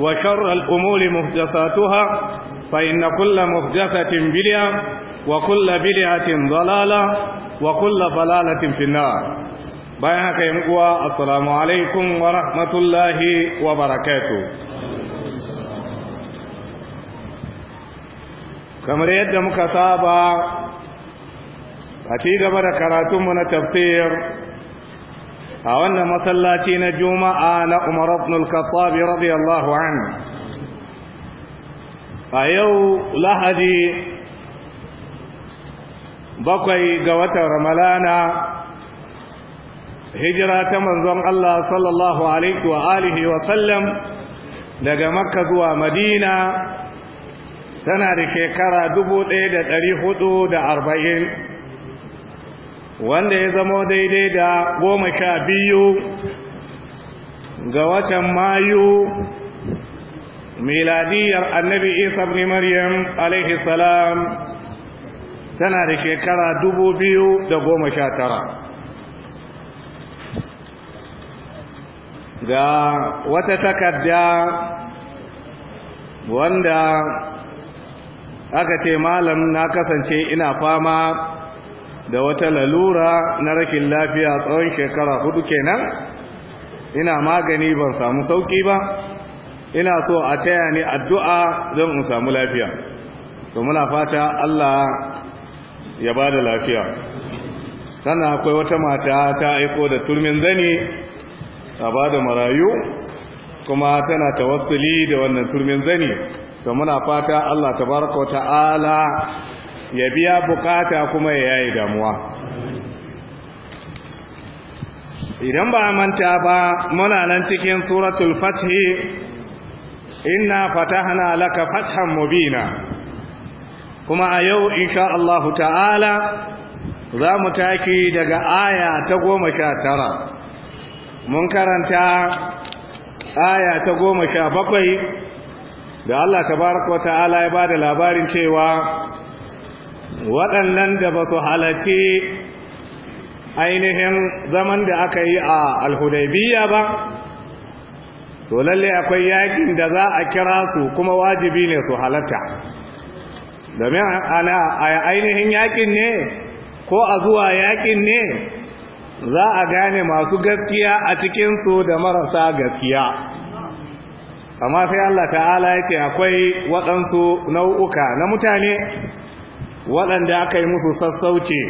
وشر الأمور مهدساتها فإن كل مهدسة بدعة وكل بدعة ضلالة وكل ضلالة في النار بيانك يمقوى السلام عليكم ورحمة الله وبركاته kamar yadda muka saba a ci gaba da karatunmu na tafsir a wannan masallaci na juma'a na umar ibn al radiyallahu an a yau lahadi bakwai ga watan ramalana hijira ta manzon Allah sallallahu alaihi wa alihi wa sallam daga makka zuwa madina tana da shekara dubu ɗaya da da arba'in. wanda ya zama daidai da goma sha biyu ga watan mayu miladiyar annabi isa ibn maryam alaihi salam tana da shekara dubu biyu da goma sha tara ga wata takarda wanda aka ce malam na kasance ina fama da wata lalura na rashin lafiya tsawon shekara hudu kenan ina magani ban samu sauki ba ina so a taya ni addu'a don in samu lafiya to muna fata Allah ya ba da lafiya sannan akwai wata mata ta aiko da turmin zani a ba da marayu kuma tana ta tawassuli da wannan turmin zani to muna fata Allah Ta wa ta'ala ya biya bukata kuma ya yayi damuwa idan ba manta ba muna nan cikin suratul fathi inna fatahna laka fathan mubina kuma a yau insha Allah ta'ala za mu taki daga aya ta goma sha tara mun karanta aya ta goma sha bakwai da Allah tabaraka wa ta'ala ya ba da labarin cewa waɗannan da ba su halarci ainihin zaman da aka yi a alhudaibiya ba to lalle akwai yakin da za a kira su kuma wajibi ne su halarta. domin ana ainihin yakin ne ko a zuwa yakin ne za a gane masu gaskiya a cikinsu da marasa gaskiya amma sai Allah ta'ala ya ce akwai waɗansu nau'uka na mutane waɗanda aka yi musu sassauce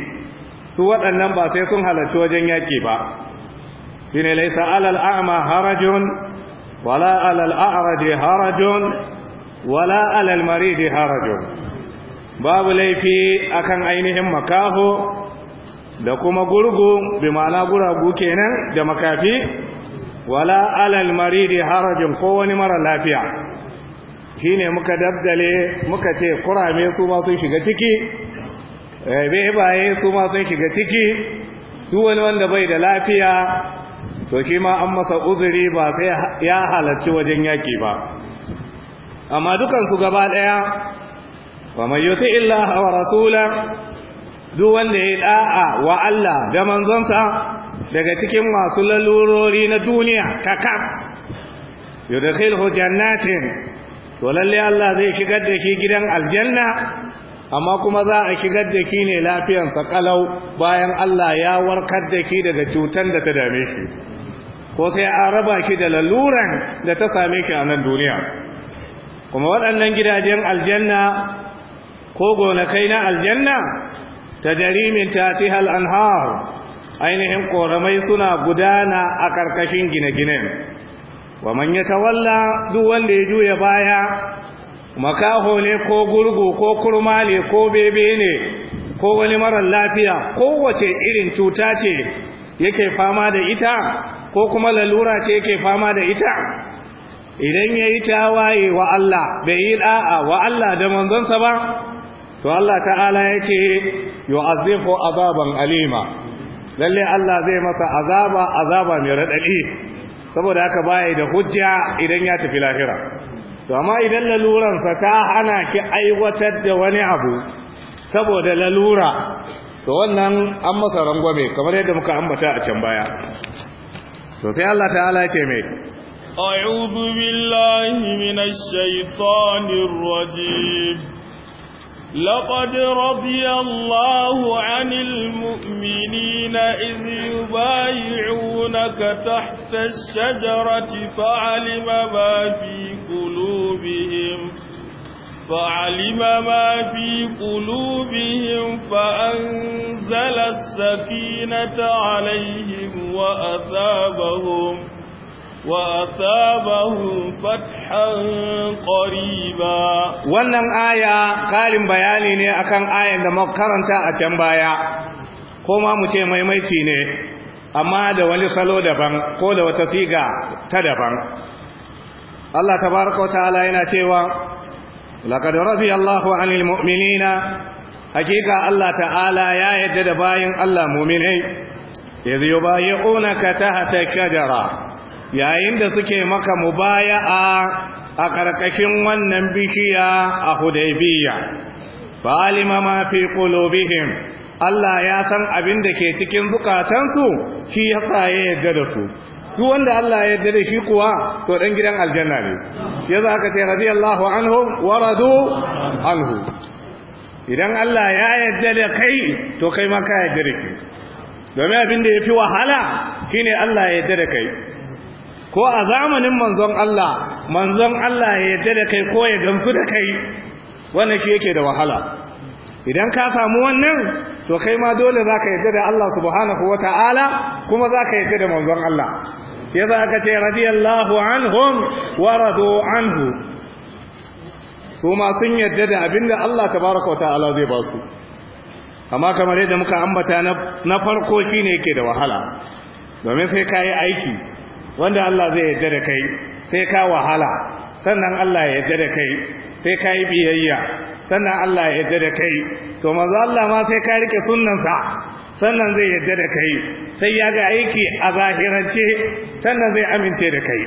su waɗannan ba sai sun halarci wajen yaƙi ba shi ne laisa alal a'ma harajun wala alal a'raji harajun wala alal maridi harajun babu laifi akan ainihin makaho da kuma gurgu bi ma'ana guragu kenan da makafi wala alal maridi harajun ko wani mara lafiya Shi ne muka dabdale muka ce kurame su ma sun shiga ciki eh, baye su ma sun shiga ciki duwani wanda bai da lafiya to shi ma an masa uzuri ba sai ya halarci wajen yaki ba amma dukansu gaba daya wa mai yuti illa wa rasula duk wanda ya da'a wa Allah da manzonsa daga cikin masu lalurori na duniya yadda yudkhilhu jannatin to lalle Allah zai shigar da shi gidan aljanna amma kuma za a shigar da shi ne sa kalau bayan Allah ya warkar da ki daga cutar da ta dame shi ko sai a raba shi da laluran da ta same shi a nan duniya kuma waɗannan gidajen aljanna ko gonakai na aljanna ta dari min tatihal anhar ainihin koramai suna gudana a ƙarƙashin gine-ginen wa man yatawalla duk wanda ya juya baya makaho ne ko gurgu ko kurma ne ko bebe ne ko wani marar lafiya ko wace irin cuta ce yake fama da ita ko kuma lalura ce yake fama da ita idan ya yi tawaye wa Allah bai yi da'a wa Allah da manzonsa ba to Allah ta'ala ya ce yu'azzifu azaban alima lalle Allah zai masa azaba azaba mai radadi saboda haka baya da hujja idan ya tafi lahira to amma idan laluransa ta hana ki aiwatar da wani abu saboda lalura to wannan an masa rangwame kamar yadda muka ambata a can baya to sai Allah ta'ala ya ce mai a'udhu billahi minash shaitanir rajim لقد رضي الله عن المؤمنين إذ يبايعونك تحت الشجرة فعلم ما في قلوبهم فعلم ما في قلوبهم فأنزل السكينة عليهم وأثابهم وأثابهم فتحا قريبا wannan aya ƙarin bayani ne akan ayan da makaranta a can baya ko mu ce maimaici ne amma da wani salo daban ko da wata siga ta daban Allah tabaraka wa ta'ala yana cewa laqad Allahu 'anil mu'minina hakika Allah ta'ala ya yadda da bayin Allah mu'minai idh yubayyi'unaka tahta shajara yayin da suke maka mubaya'a a karkashin wannan bishiya a hudaybiya Balima ma fi qulubihim Allah ya san abin da ke cikin zukatansu shi yasa ya yarda da su duk wanda Allah ya yarda da shi kuwa to dan gidan aljanna ne yaza aka ce radiyallahu anhum waradu anhu idan Allah ya yarda da kai to kai ma ka yarda da shi domin abin da yafi wahala shine Allah ya yarda da kai ko a zamanin manzon Allah manzon Allah ya yarda da kai ko ya gamsu da kai wannan shi yake da wahala idan ka samu wannan to kai ma dole za ka yarda da Allah subhanahu wa ta'ala kuma za ka yarda da manzon Allah ya za ka ce radiyallahu anhum wa radu anhu su ma sun yarda da abinda Allah tabaraka wa ta'ala zai ba su amma kamar yadda muka ambata na farko shine yake da wahala domin sai ka yi aiki wanda Allah zai yadda da kai sai ka wahala sannan Allah ya da kai sai ka yi biyayya sannan Allah ya da kai to maza Allah ma sai ka rike sunnansa sannan zai yadda da kai sai ya ga aiki a zahirance sannan zai amince da kai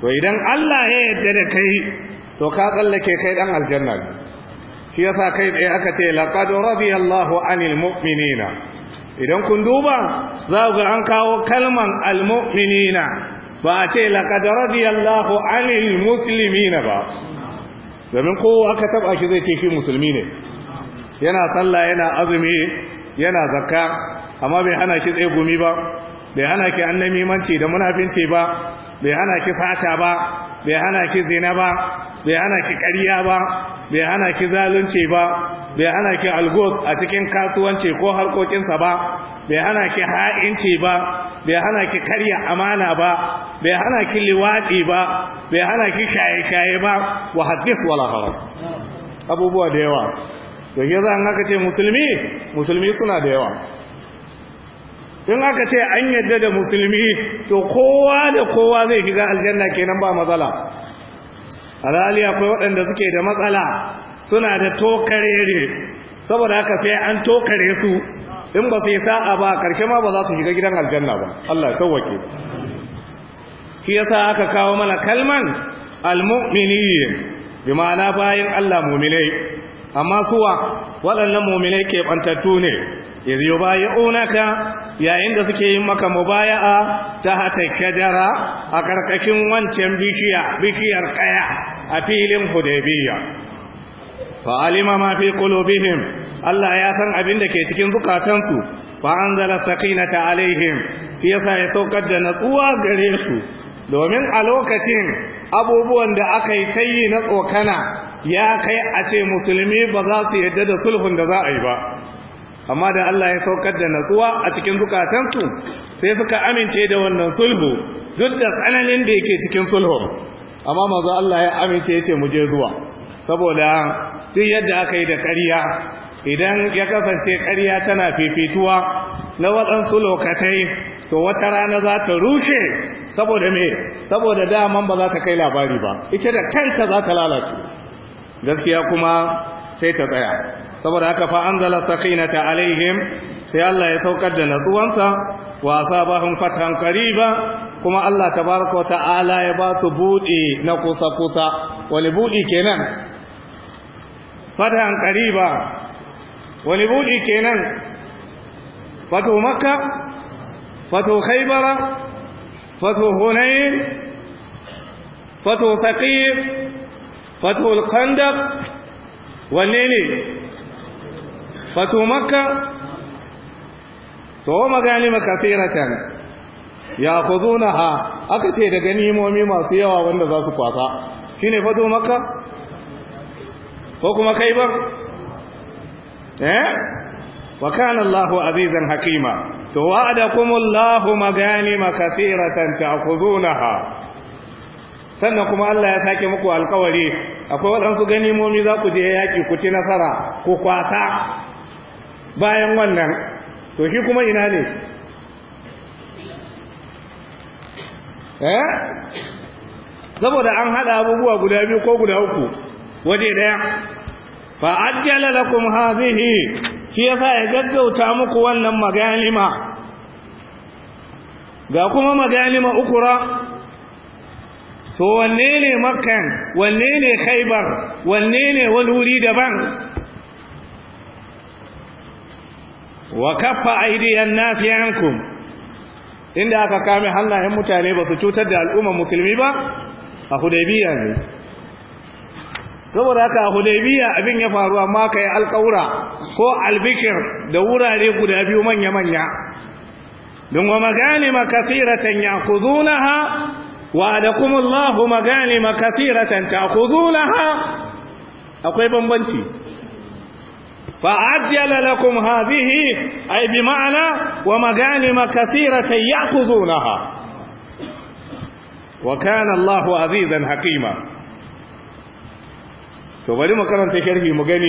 to idan Allah ya yarda da kai to ka tsallake kai dan aljanna shi yasa kai tsaye aka ce laqad radiyallahu anil mu'minina idan kun duba za ku ga an kawo kalman almu'minina ba a ce laqad radiyallahu anil muslimina ba domin ko aka taba shi zai ce shi musulmi ne yana sallah yana azumi yana zakka amma bai hana shi tsegumi ba bai hana ki manci da munafinci ba bai hana ki fata ba bai hana ki zina ba bai hana ki ƙarya ba bai hana ki zalunci ba bai hana ki algos a cikin kasuwanci ko harkokinsa ba bai hana ki ha'inci ba bai hana ki karya amana ba bai hana ki liwaɗi ba bai hana ki shaye-shaye ba wa haddis wala haram abubuwa da yawa yanzu an haka ce musulmi musulmi suna da yawa in aka ce an yadda da musulmi to kowa da kowa zai shiga aljanna kenan ba matsala alhali akwai waɗanda suke da matsala suna da tokarere saboda haka sai an tokare su in ba su yi sa'a ba karshe ma ba za su shiga gidan aljanna ba Allah ya sauwake shi yasa aka kawo mana kalman almu'minin bi ma'ana bayin Allah mu'minai amma suwa waɗannan mu'minai ke bantattu ne idh yubayi'unaka yayin da suke yin maka mubaya'a ta hata kajara a karkashin wancan bishiya bishiyar kaya a filin hudaybiya fa alima ma fi qulubihim Allah ya san abin da ke cikin zukatansu fa anzala sakinata alaihim shi yasa ya saukar da natsuwa gare su domin a lokacin abubuwan da aka yi tayi na tsokana ya kai a ce musulmi ba za su yadda da sulhun da za a yi ba amma da Allah ya saukar da natsuwa a cikin zukatansu sai suka amince da wannan sulhu duk da tsananin da yake cikin sulhu amma manzo Allah ya amince ya ce muje zuwa saboda duk yadda aka yi da ƙarya idan ya kasance ƙarya tana fifituwa na waɗansu lokatai to wata rana za ta rushe saboda me saboda daman ba za ta kai labari ba ita da kanta za ta lalace gaskiya kuma sai ta tsaya saboda haka fa anzala sakinata alaihim sai Allah ya saukar da natsuwansa wa asabahum fathan qariba kuma Allah tabaraka wa ta'ala ya ba su buɗe na kusa kusa wani buɗe kenan fathan qariba wani buɗe kenan fato makka fato khaybara fato hunayn fato saqif fato al wanne ne fatu makka to maganima ya ya'khudunaha aka ce da ganimomi masu yawa wanda za su kwasa shine fatu makka ko kuma khaybar eh wa kana Allahu azizan hakima to wa'adakumullahu maganima kasiratan ta'khudunaha sannan kuma Allah ya sake muku alkawari akwai waɗansu ganimomi za ku je yaƙi ku ci nasara ku kwata bayan wannan to shi kuma ina ne eh saboda an hada abubuwa guda biyu ko guda uku waje daya fa ajjala lakum hadhihi shi yasa ya gaggauta muku wannan maganima ga kuma maganima ukura to wanne ne makkan wanne ne khaybar wanne ne wani wuri daban wa kaffa aidiyan nasi ankum inda aka kame hannayen mutane ba su cutar da al'ummar musulmi ba a hudaybiya ne saboda haka a hudaybiya abin ya faru amma yi alƙaura ko albishir da wurare guda biyu manya manya don wa maganima kasiratan yakuzunaha wa adakumullahu maganima kasiratan takuzunaha akwai bambanci فعجل لكم هذه أي بمعنى ومغانم كثيرة يأخذونها وكان الله عزيزا حكيما to bari mu karanta sharhi mu gani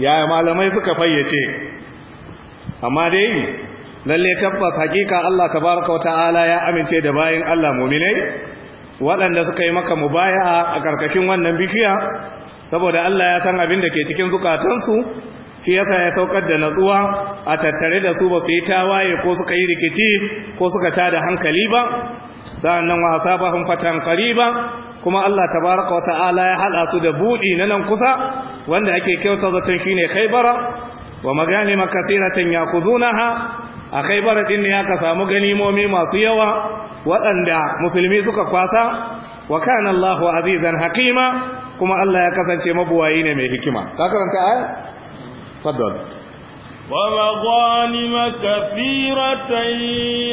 ya malamai suka fayyace amma dai lalle tabbas hakika Allah tabaraka wataala ya amince da bayin Allah mu'minai waɗanda suka yi maka mubaya'a a karkashin wannan bishiya saboda Allah ya san abin da ke cikin zukatansu shi yasa ya saukar da natsuwa a tattare da su ba su yi tawaye ko suka yi rikici ko suka tada hankali ba sa'annan wa asabahum fatan qariba kuma Allah tabaraka wata'ala ya hada su da budi na nan kusa wanda ake kyauta zaton shine Khaybara wa maganima katiratan yakuzunaha a Khaybara din ne aka samu ganimomi masu yawa waɗanda musulmi suka kwasa wa kana Allahu azizan hakima kuma Allah ya kasance mabuwayi ne mai hikima ka karanta ayar faddal ومغانم كثيرة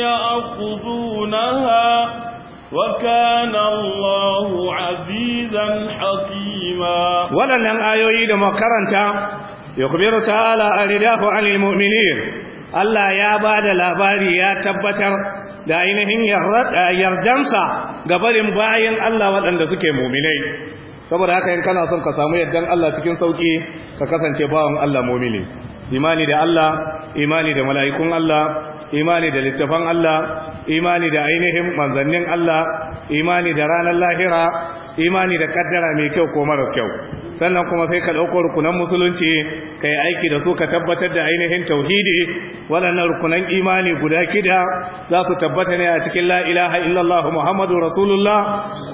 يأخذونها وكان الله عزيزا حكيما ولن آيوي دم كرنتا يخبر تعالى الرداء عن المؤمنين الله يا الأباري يا تبتر da ainihin yardansa ga barin bayan Allah waɗanda suke muminai saboda haka in kana son ka samu yaddan Allah cikin sauƙi ka kasance bawan Allah mu'mini imani da Allah imani da mala'ikun Allah imani da littafan Allah imani da ainihin manzannin Allah imani da ranar lahira imani da kaddara mai kyau ko mara kyau sannan kuma sai ka ɗauko rukunan musulunci ka yi aiki da su ka tabbatar da ainihin tauhidi waɗannan rukunan imani guda kida za su tabbata ne a cikin la ilaha illallah muhammadu rasulullah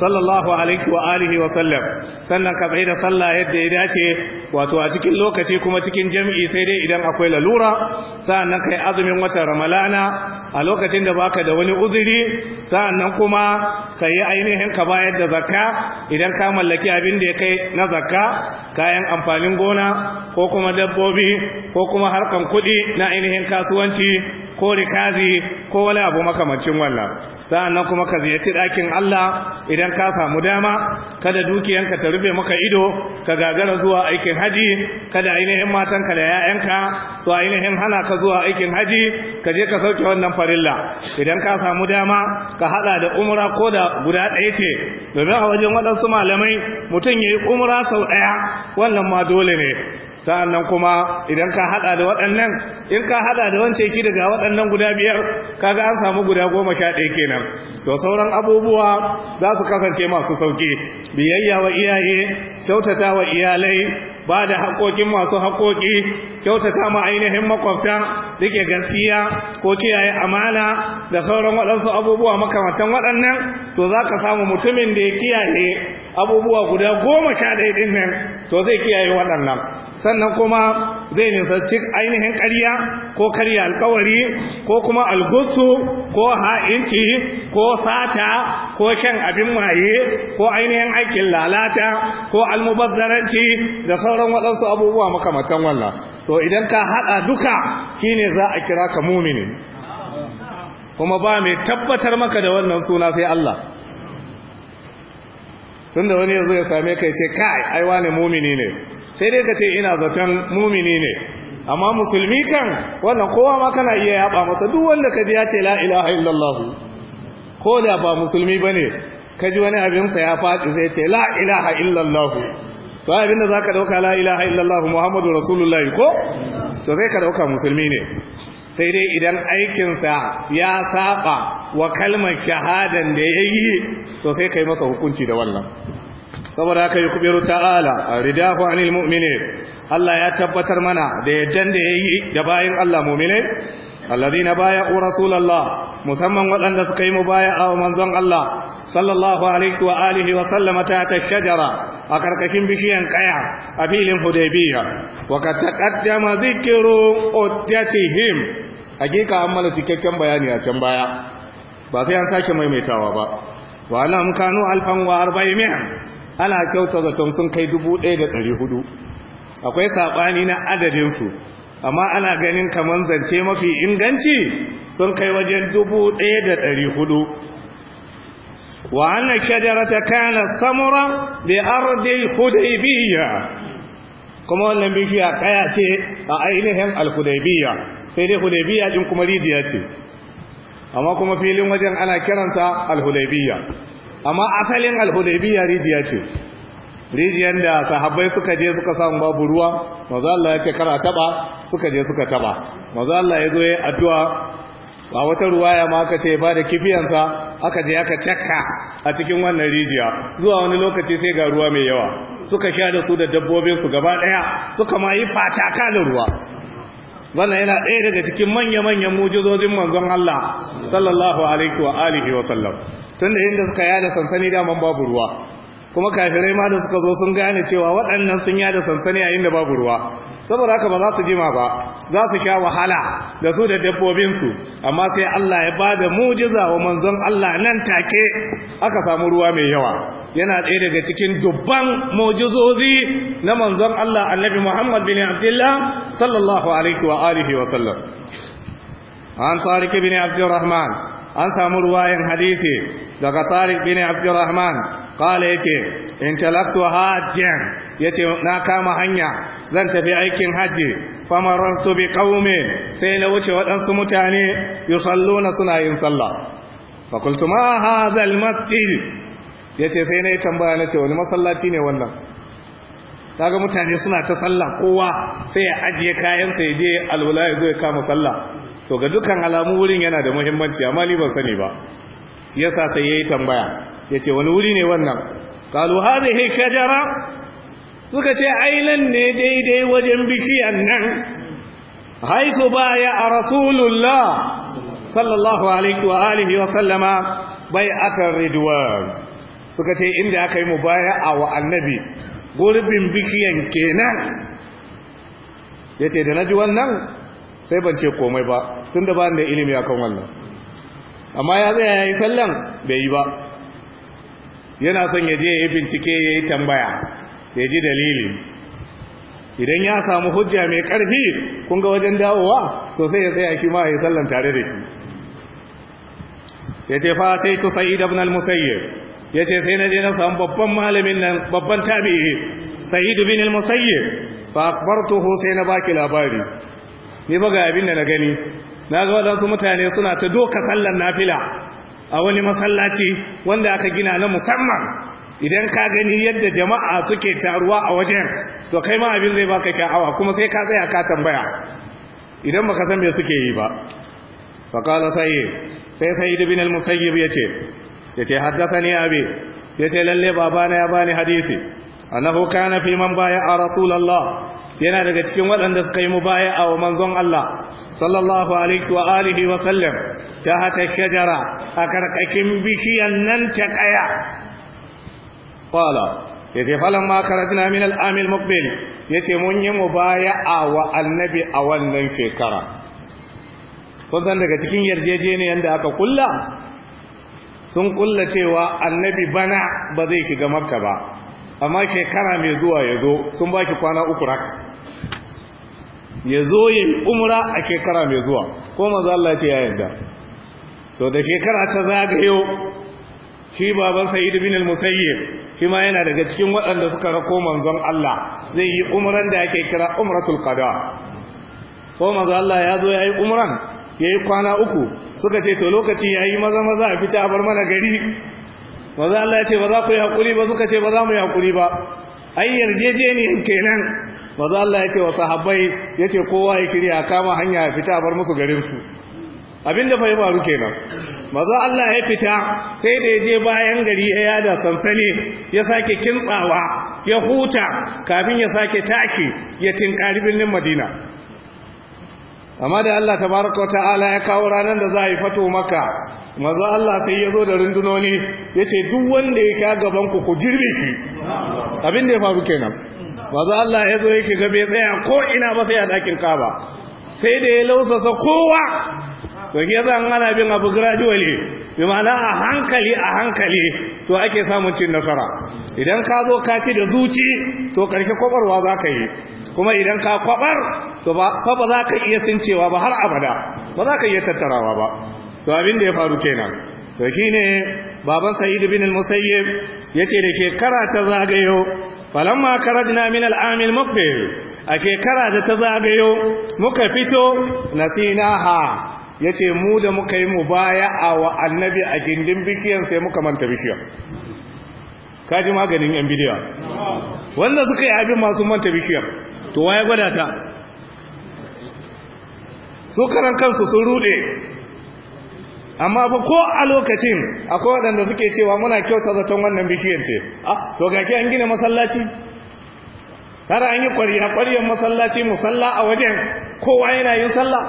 sallallahu alaihi wa alihi wa sallam sannan ka tsaye da sallah yadda ya dace wato a cikin lokaci kuma cikin jam'i sai dai idan akwai lalura sa'annan kai azumin watan ramalana a lokacin da baka da wani uzuri sa'annan kuma ka yi ainihin ka bayar da zakka idan ka mallaki abin da ya kai na zakka kayan amfanin gona ko kuma dabbobi ko kuma harkan kuɗi na ainihin kasuwanci ko rikazi ko wani abu makamancin wannan nan kuma ka ziyarci ɗakin Allah idan ka samu dama kada dukiyanka ta rufe maka ido ka gagara zuwa aikin haji kada ainihin matanka da 'ya'yanka su ainihin hana ka zuwa aikin haji ka je ka sauke wannan farilla idan ka samu dama ka haɗa da umra ko da guda ɗaya ce domin a wajen waɗansu malamai mutum ya yi umra sau ɗaya wannan ma dole ne sa'annan kuma idan ka hada da waɗannan in ka hada da wancan ki daga waɗannan guda biyar ka ga an samu guda goma sha ɗaya kenan to sauran abubuwa za su kasance masu sauki biyayya wa iyaye kyautata wa iyalai ba da haƙoƙin masu haƙoƙi kyautata ma ainihin makwabta da gaskiya ko kiyaye amana da sauran waɗansu abubuwa makamantan waɗannan to za ka samu mutumin da ya kiyaye abubuwa guda goma sha ɗaya ɗin nan to zai kiyaye waɗannan sannan kuma zai nisanci ainihin karya, ko karya alkawari ko kuma algusu ko ha'inci ko sata ko shan abin maye ko ainihin aikin lalata ko almubazzaranci da sauran waɗansu abubuwa makamantan wannan to idan ka haɗa duka shi ne za a kira ka mumini kuma ba mai tabbatar maka da wannan suna sai Allah tun da wani yanzu ya same ka ce kai ai wane mumini ne sai dai ka ce ina zaton mumini ne amma musulmi kan wannan kowa ma kana iya yaba masa duk wanda ka ji ya ce la ilaha illallah ko da ba musulmi bane ka ji wani abin ya faɗi zai ce la ilaha illallah to abin da zaka dauka la ilaha illallah muhammadu rasulullahi ko to sai ka dauka musulmi ne sai dai idan aikinsa ya saba wa kalmar shahadan da ya yi to sai kai masa hukunci da wannan saboda aka yi kubiru ta'ala ridahu anil Allah ya tabbatar mana da yaddan da ya yi da bayan Allah mu'mini baya baya'u rasulullah musamman waɗanda suka yi mubaya'a wa manzon Allah sallallahu alaihi wa alihi wa sallama ta ta shajara a karkashin bishiyan kaya a filin hudaybiya wa qad taqaddama dhikru uddatihim hakika an mana cikakken bayani a can baya ba sai an sake maimaitawa ba wa nan mukanu alfan wa ana kyauta zaton sun kai dubu ɗaya da ɗari hudu akwai saɓani na adadin su, amma ana ganin kamar zance mafi inganci sun kai wajen dubu ɗaya da ɗari hudu wa annan shajarata kana samura bi ardil hudaybiyya kuma wannan bishiya kaya ce a ainihin al sai dai hudaybiya din kuma rijiya ce amma kuma filin wajen ana kiransa al amma asalin al-hudaybiya ce rijiyar da sahabbai suka je suka samu babu ruwa maza Allah ya ce kara taba suka je suka taba maza Allah ya zo ya addu'a ba wata ruwa ya ma aka ce ba da kifiyansa aka je aka cakka a cikin wannan rijiya zuwa wani lokaci sai ga ruwa mai yawa suka sha da su da dabbobin su gaba daya suka ma yi fataka da ruwa wannan yana ɗaya daga cikin manya-manyan mujizozin manzon Allah sallallahu alaihi wa alihi wa sallam tunda inda suka yada sansani da man babu ruwa kuma kafirai ma da suka zo sun gane cewa waɗannan sun yada sansani a da babu ruwa saboda haka ba za su jima ba za su sha wahala da su da dabbobinsu amma sai Allah ya ba da mujiza wa manzon Allah nan take aka samu ruwa mai yawa yana ɗaya daga cikin dubban mujizozi na manzon Allah annabi Muhammad bin Abdullah sallallahu alaihi wa alihi wa sallam an Tariq bin Abdurrahman an samu ruwayan hadisi daga Tariq bin Abdurrahman kala yake in talaqtu hajjan yace na kama hanya zan tafi aikin haji famarartu bi qaumin sai na wuce waɗansu mutane salluna suna yin sallah fa ma hadha al masjid yace sai na yi tambaya na ce wani masallaci ne wannan kaga mutane suna ta sallah kowa sai ya ajiye kayan sai je alwala ya ya kama sallah to ga dukkan alamu wurin yana da muhimmanci amma ni ban sani ba shi yasa sai yayi tambaya yace wani wuri ne wannan haɗe he shajara suka ce ainihin ne daidai wajen bishiyan nan ba baya a rasulullah sallallahu alaihi wa wa sallama bai aka riduwar suka ce inda aka yi mu baya a wa annabi gurbin bikiyan kenan ya ce da na ji wannan sai ban ce komai ba tun da ba da ilimi a kan wannan amma ya tsaya ya yi sallan bai yi ba yana son ya je ya bincike ya yi tambaya ya ji dalili idan ya samu hujja mai ƙarfi kun ga wajen dawowa to sai ya tsaya shi ma ya sallan tare da shi ya ce fa sai tu sa'id ibn al-musayyib ya ce sai na je na samu babban malamin nan babban tabi'i sa'id ibn al-musayyib fa akbartuhu sai na baki labari ni ba ga abin da na gani na ga wadansu mutane suna ta doka sallan nafila a wani masallaci wanda aka gina na musamman idan ka gani yadda jama'a suke taruwa a wajen to kai ma abin zai baka sha'awa kuma sai ka tsaya ka tambaya idan baka san me suke yi ba qala sayyid sai ibn al-musayyib yace yace haddathani abi yace lalle babana ya bani hadisi annahu kana fi man baya rasulullah yana daga cikin waɗanda suka yi mubaya'a wa manzon Allah صلى الله عليه وآله وسلم تحت الشجرة أكرككم بشيا ننتقيا قال يتي فلما خرجنا من العام المقبل يتي من يمبايع والنبي أولنا شكرا kusan daga cikin yarjejeniyar da aka kula sun kulla cewa annabi bana ba zai shiga makka ba amma shekara mai zuwa ya zo sun ba shi kwana uku raka ya zo yi umra a shekara mai zuwa ko maza Allah ce ya yarda so da shekara ta zagayo shi baban sa'id bin al-musayyib shi ma yana daga cikin waɗanda suka rako manzon Allah zai yi umran da ake kira umratul qada ko maza Allah ya zo ya yi umran yayi kwana uku suka ce to lokaci yayi maza maza a fita a bar mana gari Maza Allah ya ce ba za ku yi hakuri ba suka ce ba za mu yi hakuri ba ai yarjejeniyan kenan maza Allah ya ce wa sahabbai ya ce kowa ya shirya kama hanya ya fita bar musu garinsu abinda fa ya faru kenan maza Allah ya fita sai da ya je bayan gari ya yada sansani ya sake kintsawa ya huta kafin ya sake taki ya tinkari birnin madina amma da Allah Ta tabaraka wa ta'ala ya kawo ranar da za a yi fato maka maza Allah sai ya zo da rundunoni ya ce duk wanda ya sha gabanku ku ku jirbe shi abin da ya faru kenan Ba za Allah ya zo yake gabe tsaya ko ina ba sai a ɗakin kaba sai da ya lausasa kowa to ke zan ana bin abu gradually bi ma'ana a hankali a hankali to ake samun cin nasara idan ka zo ka ci da zuci to karshe kwabarwa za ka yi kuma idan ka kwabar to ba ba za ka iya sincewa ba har abada ba za ka iya tattarawa ba to abin da ya faru kenan to shine baban sa'id bin al-musayyib yace da shekara ta zagayo falamma karajna min al'amil mukbil a shekara da ta zagayo muka fito nasinaha yace mu da muka yi mubaya'a wa annabi a gindin bishiyar sai muka manta bishiyar kaji maganin yan bidiya wanda suka yi abin masu manta bishiyar to waye gwada ta su karan kansu sun rude amma ba ko a lokacin akwai waɗanda suke cewa muna kyauta zaton wannan bishiyar ce to gaki an gina masallaci kada an yi kwariya masallaci musalla a wajen kowa yana yin salla?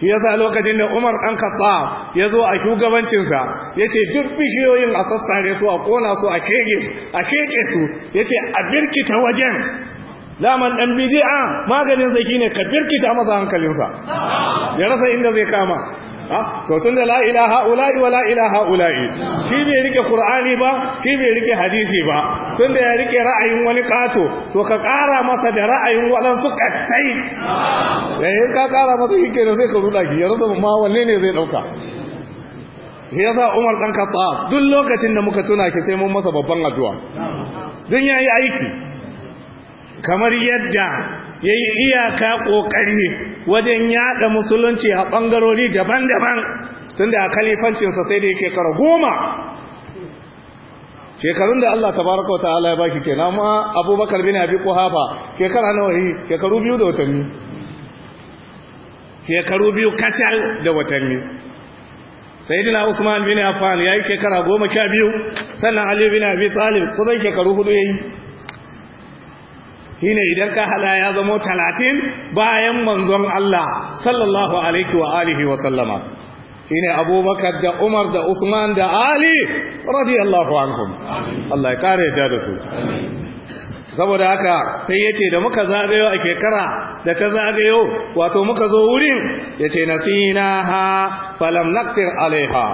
shi sa lokacin da Umar an Khattab ya zo a shugabancinsa ya ce duk bishiyoyin a sassare su a kona su a a keke su yace a birkita wajen laman dan bidi'a maganin zaki ne ka birkita masa hankalinsa ya rasa inda zai kama to tun da la ilaha ula'i wa la ilaha ula'i shi bai rike qur'ani ba shi bai rike hadisi ba tun da ya rike ra'ayin wani kato to ka kara masa da ra'ayin waɗansu kattai eh ka kara masa yake da sai ka ruda ki yanzu ma wanne ne zai ɗauka? shi yasa Umar dan Khattab duk lokacin da muka tuna ki sai mun masa babban addu'a dun yayi aiki kamar yadda ya yi iyaka ƙoƙari wajen yada musulunci a ɓangarori daban-daban tun da a kalifancinsa sai da yake kara goma shekarun da Allah tabaraka ta'ala ya baki kenan amma abubakar bin abi hafa shekara nawa yi shekaru biyu da watanni shekaru biyu kacal da watanni dina usman bin affan yi shekara goma sha biyu sannan ali bin abi talib kusan shekaru hudu yi? shine idan ka hada ya zamo talatin bayan manzon Allah sallallahu alaihi wa alihi wa sallama shine abubakar da umar da usman da ali radiyallahu anhum Allah ya kare ta da su saboda haka sai yace da muka zagayo a kekara da ka zagayo wato muka zo wurin Yace na fina ha falam naqtir alaiha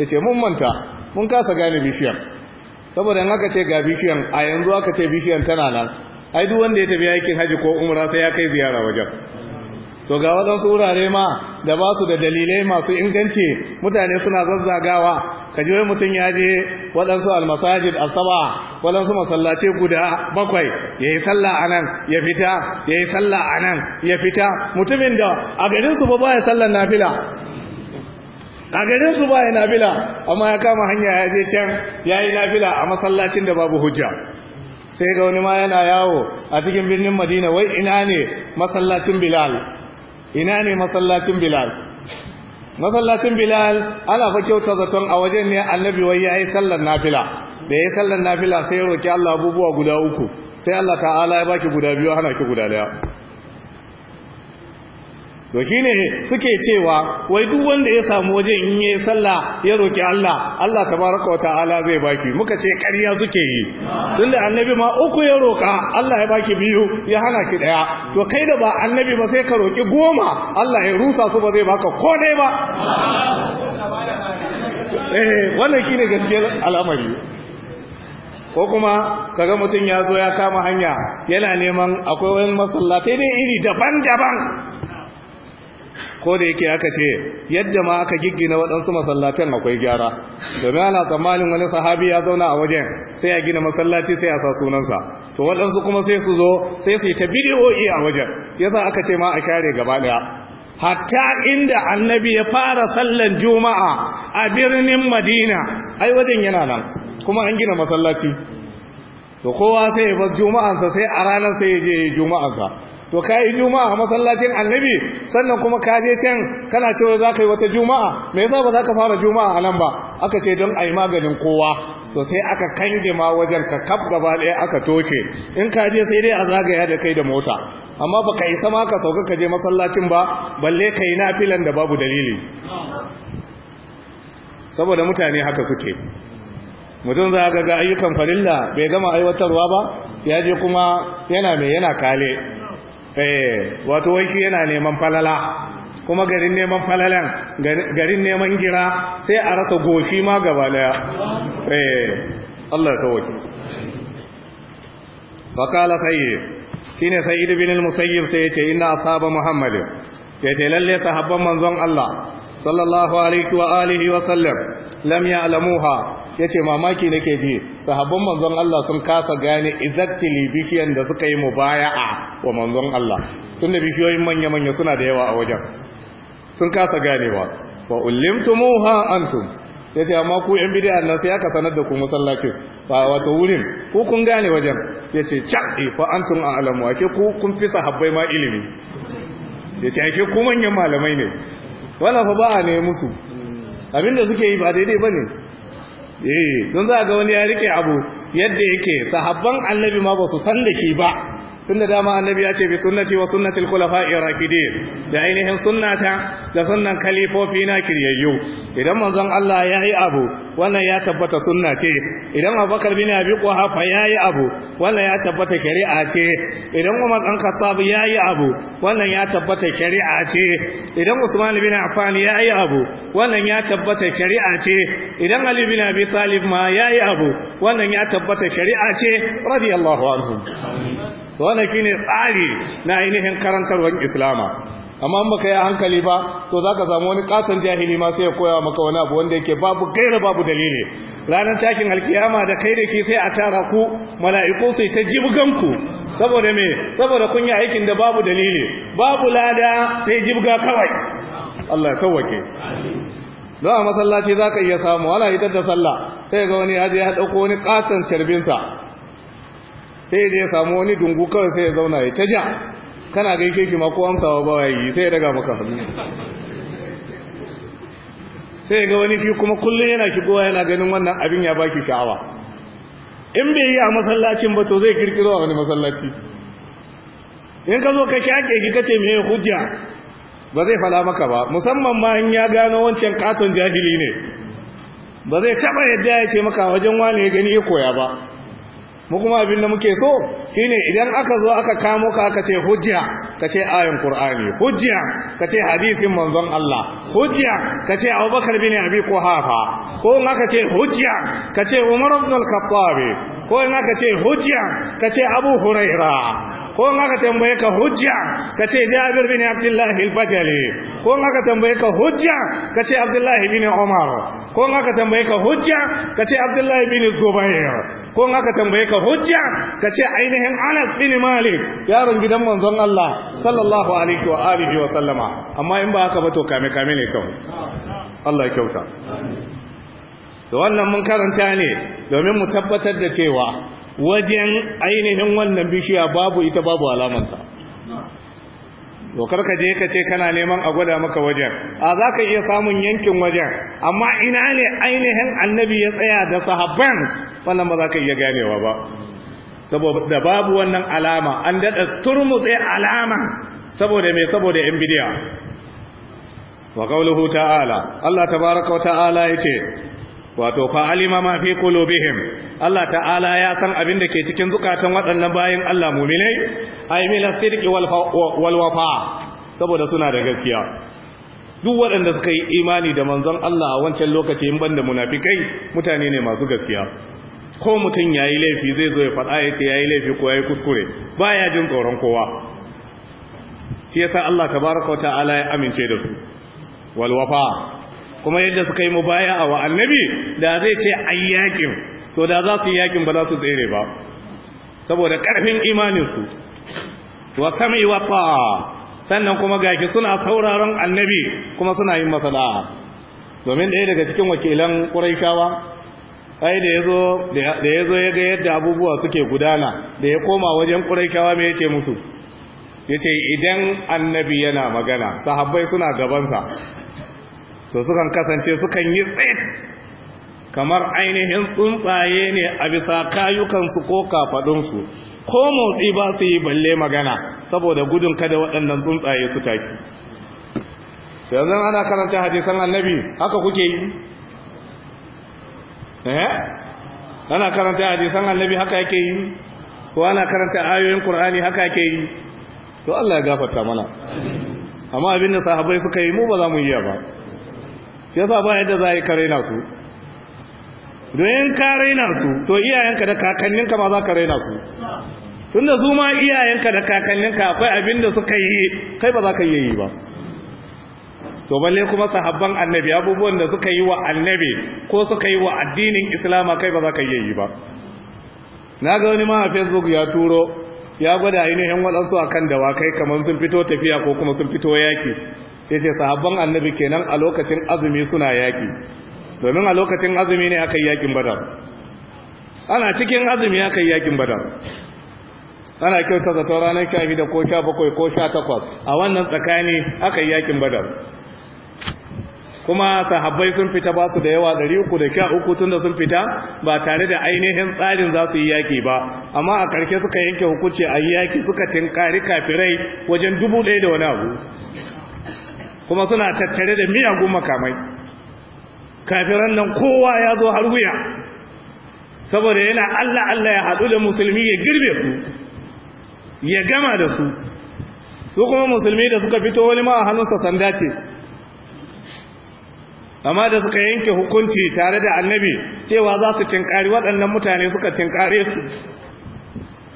Yace mun manta mun kasa gane bishiyar saboda in aka ce ga bishiyar a yanzu aka ce bishiyar tana nan ai duk wanda ya tafi aikin haji ko umra sai ya kai ziyara wajen to ga waɗansu wurare ma da ba su da dalilai masu inganci mutane suna zazzagawa ka ji wai mutum ya je waɗansu almasajid asaba waɗansu masallaci guda bakwai ya yi sallah a nan ya fita ya yi sallah a nan ya fita mutumin da a garinsu ba ba ya sallar nafila a garinsu ba ya nafila amma ya kama hanya ya je can ya yi nafila a masallacin da babu hujja sai ga wani ma yana yawo a cikin birnin madina wai ina ne masallacin bilal ina ne masallacin bilal masallacin bilal ana fa kyauta zaton a wajen ne annabi wai ya yi sallar nafila da ya yi sallar nafila sai ya roƙi allah abubuwa guda uku sai allah ta'ala ya baki guda biyu hana ki guda daya to shine suke cewa wai duk wanda ya samu waje in yi sallah ya roki Allah Allah tabaraka wataala zai baki muka ce ƙarya suke yi tunda annabi ma uku ya roka Allah ya baki biyu ya hana ki daya to kai da ba annabi ba sai ka roki goma Allah ya rusa su ba zai baka ko dai ba eh wannan shine gaskiyar al'amari ko kuma kaga mutum ya zo ya kama hanya yana neman akwai wani masallatai dai iri daban-daban ko da yake aka ce yadda ma aka giggina waɗansu masallatan akwai gyara domin ana tsammanin wani sahabi ya zauna a wajen sai ya gina masallaci sai ya sa sunansa to waɗansu kuma sai su zo sai su yi ta bidiyoyi a wajen yasa aka ce ma a kare gaba ɗaya hatta inda annabi ya fara sallan juma'a a birnin madina ai wajen yana nan kuma an gina masallaci to kowa sai ya bar juma'ansa sai a ranar sai ya je juma'ansa to ka yi juma'a a masallacin annabi sannan kuma ka je can kana cewa za ka yi wata juma'a me yasa ba za ka fara juma'a a nan ba aka ce don a yi maganin kowa to sai aka kange ma wajen ka kaf gaba ɗaya aka toke in ka je sai dai a zagaya da kai da mota amma ba ka isa ma ka sauka ka je masallacin ba balle ka yi nafilan da babu dalili saboda mutane haka suke mutum za ga ayyukan farilla bai gama aiwatarwa ba ya je kuma yana mai yana kale eh wato wai shi yana neman falala kuma garin neman falalan garin neman gira sai a rasa goshi ma gaba daya eh Allah sauki fakala sayyid shine sayyid bin al-musayyib sai yace inna asaba muhammad yace lalle sahabban manzon Allah sallallahu alaihi wa alihi wa sallam lam ya'lamuha yace mamaki nake ji sahabban manzon Allah sun kasa gane exactly bishiyan da suka yi mubaya'a wa manzon Allah tunda bishiyoyin manya-manya suna da yawa a wajen sun kasa ba wa ulimtumuha antum yace amma ku yan bid'a nan sai aka sanar da ku musallaci. ba wato wurin ku kun gane wajen yace cha'i eh, fa antum a'lamu ake ku kun fi sahabbai ma ilimi yace ake ku manyan malamai ne wala fa ba ne musu abinda suke yi ba daidai bane eh don za ga wani ya rike abu yadda yake sahabban annabi ma ba su san da shi ba tunda dama annabi ya ce bi sunnati wa al khulafa'i rakidin da ainihin sunnata da sunnan kalifofi na kiryayyu idan manzon Allah ya yi abu wannan ya tabbata sunna ce idan Abubakar bin Abi Quhafa ya yi abu wannan ya tabbata shari'a ce idan Umar bin Khattab ya yi abu wannan ya tabbata shari'a ce idan Usman bin Affan ya yi abu wannan ya tabbata shari'a ce idan Ali bin Abi Talib ma ya yi abu wannan ya tabbata shari'a ce radiyallahu anhu wannan shine tsari na ainihin karantarwar islama amma in baka yi hankali ba to zaka samu wani kasan jahili ma sai ya koya maka wani abu wanda yake babu gaira babu dalili ranar takin alkiyama da kai da ke sai a tara ku mala'iku sai ta jibgan ku saboda me saboda kun yi aikin da babu dalili babu lada sai jibga kawai Allah ya sauwake za a masallaci za ka iya samu ana hitar da sallah sai ga wani ya je ya ɗauko wani kasan carbinsa sai ya samu wani dungu kawai sai ya zauna ya ta ja kana gaike shi ko amsawa ba yi sai ya daga maka hannu sai ga wani shi kuma kullum yana shigowa yana ganin wannan abin ya baki sha'awa in bai yi a masallacin ba to zai kirkiro a wani masallaci in ka zo ka shaƙe ka kace me hujja ba zai fala maka ba musamman ma in ya gano wancan katon jahili ne ba zai taba yadda ya ce maka wajen wani ya gani ya koya ba mu kuma abin da muke so shine idan aka zo aka kamo ka aka ce hujja ka ce ayan qur'ani hujja ka ce hadisin manzon Allah hujja ka ce Abubakar bin Abi Quhafa ko in aka ce hujja ka ce Umar ibn al-Khattab ko in aka ce hujja ka ce Abu Huraira ko in aka tambaye ka hujja ka ce jabir bin abdullah al-bajali ko in aka tambaye ka hujja ka ce abdullah bin umar ko in aka tambaye ka hujja ka ce abdullah bin zubair ko in aka tambaye ka hujja ka ce ainihin anas bin malik yaron gidan manzon Allah sallallahu alaihi wa alihi wa sallama amma in ba haka ba to kame kame ne kawai Allah ya kyauta da wannan mun karanta ne domin mu tabbatar da cewa wajen ainihin wannan bishiya babu ita babu alamanta dokar kaje ka ce kana neman a gwada maka wajen a za ka iya samun yankin wajen amma ina ne ainihin annabi ya tsaya da sahabban wannan ba za ka iya ganewa ba saboda babu wannan alama an daɗa turmutse alama saboda mai saboda yan bidiya wa ta'ala Allah tabaaraka wa ta'ala yace wato fa alima ma fi qulubihim Allah ta'ala ya san abin da ke cikin zukatan waɗannan bayin Allah mu'minai ay min as-sidqi wal wafa saboda suna da gaskiya duk waɗanda suka yi imani da manzon Allah a wancan lokaci in banda munafikai mutane ne masu gaskiya ko mutum yayi laifi zai zo ya faɗa ya ce yayi laifi ko yayi kuskure baya jin tsoron kowa shi yasa Allah tabaraka wa ta'ala ya amince da su wal wafa kuma yadda suka yi mubaya a annabi da zai ce an yakin to da za su yi yakin ba za su tsere ba saboda karfin imaninsu wa sami wa sannan kuma gaki suna sauraron annabi kuma suna yin masala'a domin ɗaya daga cikin wakilan ƙuraishawa ai da yazo da yazo ya ga yadda abubuwa suke gudana da ya koma wajen ƙuraishawa me yace musu yace idan annabi yana magana sahabbai suna gabansa to sukan kasance sukan yi tsit kamar ainihin tsuntsaye ne a bisa kayukansu ko kafaɗunsu ko motsi ba su yi balle magana saboda gudun kada waɗannan tsuntsaye su tafi yanzu ana karanta hadisan annabi haka kuke yi eh ana karanta hadisan annabi haka yake yi ko ana karanta ayoyin qur'ani haka yake yi to Allah ya gafarta mana amma abin da sahabbai suka yi mu ba za mu yi ba shi yasa ba yadda za a yi ka raina su don ka raina su to iyayenka da kakanninka ma za ka raina su tun da su ma iyayenka da kakanninka akwai abin da suka yi kai ba za ka yi ba to balle kuma sahabban annabi abubuwan da suka yi wa annabi ko suka yi wa addinin islama kai ba za ka yi ba na ga wani ma a facebook ya turo ya gwada ainihin waɗansu a kan dawakai kamar sun fito tafiya ko kuma sun fito yaki yace sahabban annabi kenan a lokacin azumi suna yaki domin a lokacin azumi ne aka yi yakin badar ana cikin azumi aka yi yakin badar ana kyauta zato ranar sha da ko sha bakwai ko sha takwas a wannan tsakani aka yi yakin badar kuma sahabbai sun fita ba su da yawa ɗari uku da sha uku tun da sun fita ba tare da ainihin tsarin za su yi yaƙi ba amma a ƙarshe suka yanke hukunci a yi yaƙi suka tinkari kafirai wajen dubu ɗaya da wani abu kuma suna tattare da miyagun makamai kafiran nan kowa ya zo har wuya saboda yana Allah Allah ya haɗu da musulmi ya girbe su ya gama da su su kuma musulmi da suka fito wani ma a hannunsa sanda ce amma da suka yanke hukunci tare da annabi cewa za su tinkari waɗannan mutane suka tinkare su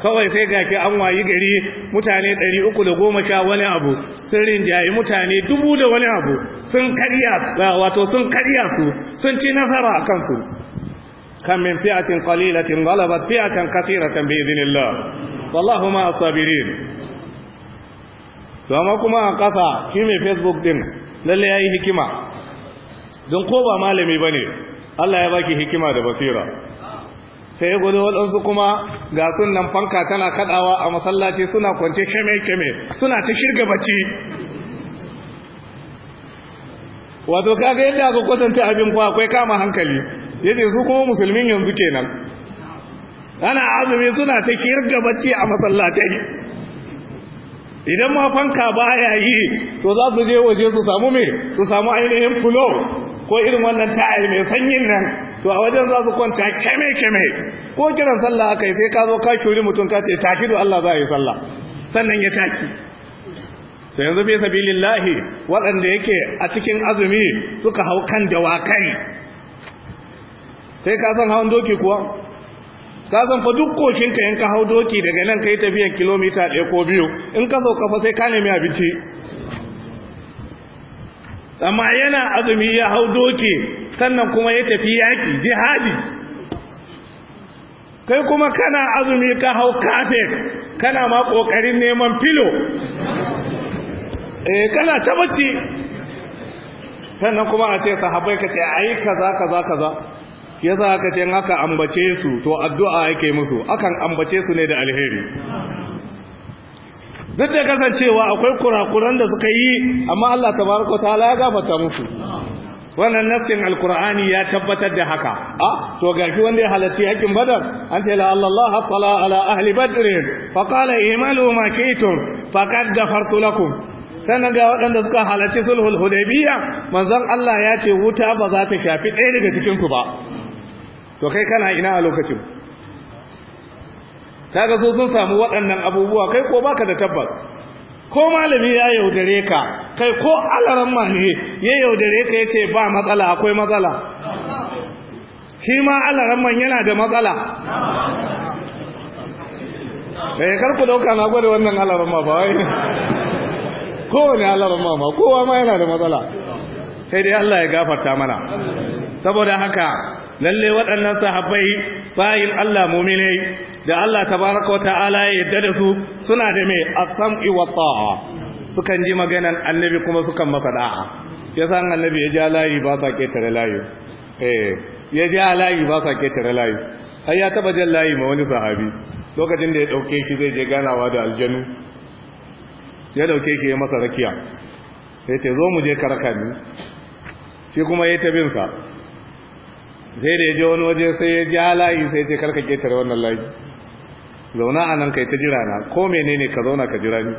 kawai sai ga ke an wayi gari mutane 310 da goma sha wani abu sun rinjaye mutane dubu da wani abu sun karya ah, wato sun kariya su sun ci nasara a kansu kan min fi'atin qalilatin ghalabat fi'atan katiratan bi idhnillah wallahu ma sabirin to amma kuma a ƙasa shi mai facebook din lalle yayi hikima don ko ba malami bane allah ya baki hikima da basira sai gudu waɗansu kuma ga nan fanka tana kaɗawa a masallaci suna kwance keme-keme suna ta shirga bacci wato kaga yadda aka kwatanta abin kuwa akwai kama hankali ce su kuma musulmin yanzu kenan ana azumi suna ta shirga bacci a masallaci? idan ma fanka ba ya yi to za su je waje su samu mai su samu ainihin fulo ko irin wannan ta'ayi mai sanyin nan to a wajen za su kwanta keme keme ko kiran sallah aka yi sai ka zo ka shuri mutum ka ce taki Allah za a yi sallah sannan ya taki sai yanzu bai lillahi waɗanda yake a cikin azumi suka hau kan dawakai sai ka san hawan doki kuwa ka san fa duk koshinka in ka hau doki daga nan kai tafiyan kilomita ɗaya ko biyu in ka sauka fa sai ka nemi abinci amma yana azumi ya hau doki sannan kuma ya tafi yaƙi jihadi kai kuma kana azumi ka hau kafet kana ma ƙoƙarin neman filo eh kana ta bacci sannan kuma a ce haɓai ka ce ai kaza kaza kaza ya za ka ce aka ambace su to addu'a yake musu akan ambace su ne da alheri duk da kasancewa akwai kurakuran da suka yi amma Allah tabaraka ta'ala ya gafarta musu wannan nassin alkur'ani ya tabbatar da haka a to garki wanda ya halarci hakkin badar an ce la Allah tala ala ahli badr fa qala imalu ma kaytum qad ghafartu lakum sannan ga waɗanda suka halarci sulhul hudaybiya manzon Allah ya ce wuta ba za ta shafi ɗaya daga cikin su ba to kai kana ina a lokacin kaga so sun samu waɗannan abubuwa kai ko baka da tabbas ko malami ya yaudare ka kai ko alaramma ne ya yaudare ka ya ce ba matsala akwai matsala shi ma alaramman yana da matsala sai eh, karku dauka na gwada wannan alaramma ba wai kowane alaramma ma kowa ma yana da matsala sai dai Allah ya gafarta mana saboda haka lalle waɗannan sahabbai bayin Allah mumine da Allah tabaraka wa ta'ala ya yadda da su suna da mai as-sam'i wa ta'a sukan ji maganan annabi kuma sukan masa da'a yasa annabi ya ja layi ba sa ketare layi eh ya ja layi ba sa ketare layi ai ya taba jan layi ma wani sahabi lokacin da ya dauke shi zai je ganawa da aljanu ya dauke shi ya masa rakiya sai ce zo mu je karaka ni shi kuma ya tabin sa sai da ya je wani waje sai ya ji layi sai ce karka ketare wannan layi zauna a nan kai ta jira na ko menene ka zauna ka jira ni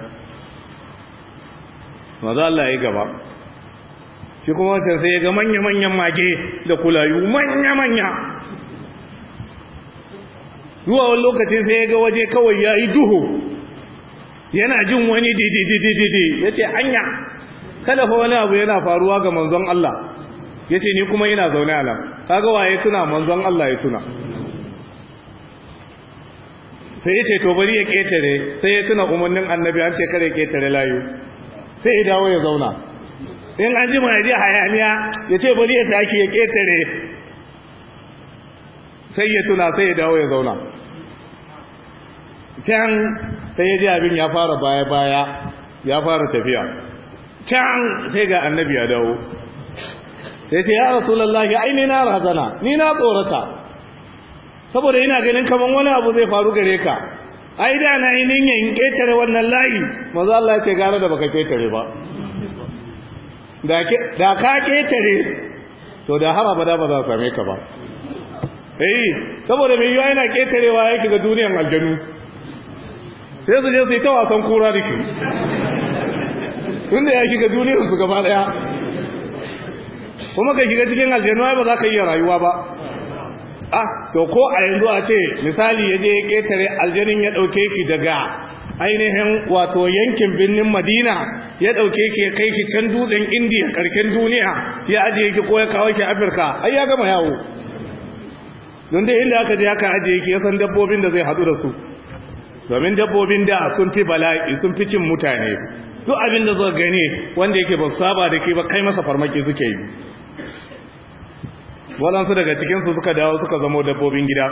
maza Allah ya gaba shi kuma wancan sai ya ga manya-manyan mage da kulayu manya-manya zuwa wani lokacin sai ya ga waje kawai ya yi duhu yana jin wani dididididi ya ce anya kada fa wani abu yana faruwa ga manzon Allah ya ce ni kuma yana zaune a nan kaga waye tuna manzon Allah ya tuna sai ya ce to bari ya ƙetare sai ya tuna umarnin annabi an ce kare ƙetare layu sai ya dawo ya zauna in an ji mai ji hayaniya ya ce bari ya sake ya ƙetare sai ya tuna sai ya dawo ya zauna can sai ya ji abin ya fara baya-baya ya fara tafiya can sai ga annabi ya dawo sai ce ya rasu lallahi ai ni na razana ni na tsorata saboda yana ganin kaman wani abu zai faru gare ka ai da na yi yin ketare wannan layi manzo Allah ya ce gara da baka ketare ba da ka ketare to da har abada ba za same ka ba eh saboda mai yiwa yana ketarewa ya shiga duniyar aljanu sai su je su yi ta wasan kura da shi tunda ya shiga duniyar su gaba daya kuma ka shiga cikin aljanu ba za ka iya rayuwa ba ah to ko a yanzu a ce misali ya je ya ketare aljanin ya dauke shi daga ainihin wato yankin birnin madina ya dauke shi ya kai shi can dutsen indiya karken duniya ya ajiye ki ko ya kawo ki afirka ai ya gama yawo don dai inda aka je aka ajiye shi ya san dabbobin da zai haɗu da su domin dabbobin da sun fi bala'i sun fi cin mutane duk abin da zai gani wanda yake ba saba da ke ba kai masa farmaki suke yi waɗansu daga cikinsu suka dawo suka zamo dabbobin gida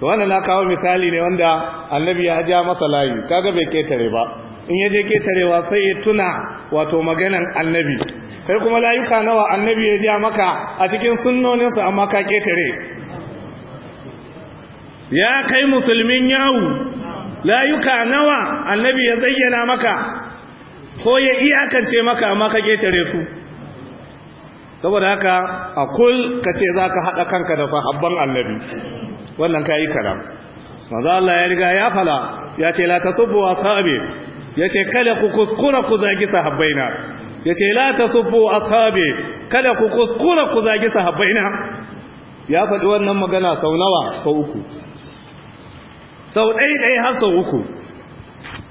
wannan na kawo misali ne wanda annabi ya ja masa layi kaga bai ketare ba in ya je ketarewa sai ya tuna wato maganan annabi kai kuma layuka nawa annabi ya ja maka a cikin sunnoninsa amma ka ketare ya kai musulmin yawu layuka nawa annabi ya zayyana maka ko ya iyakance maka amma ka ketare su saboda haka a kul ka ce za ka haɗa kanka da sahabban annabi wannan ka yi kara maza Allah ya riga ya fala ya ce la ta subbu ya ce kada ku kuskura ku zagi sahabbaina ya ce la ta subbu kada ku kuskura ku zagi sahabbaina ya faɗi wannan magana sau nawa sau uku sau ɗai ɗai har sau uku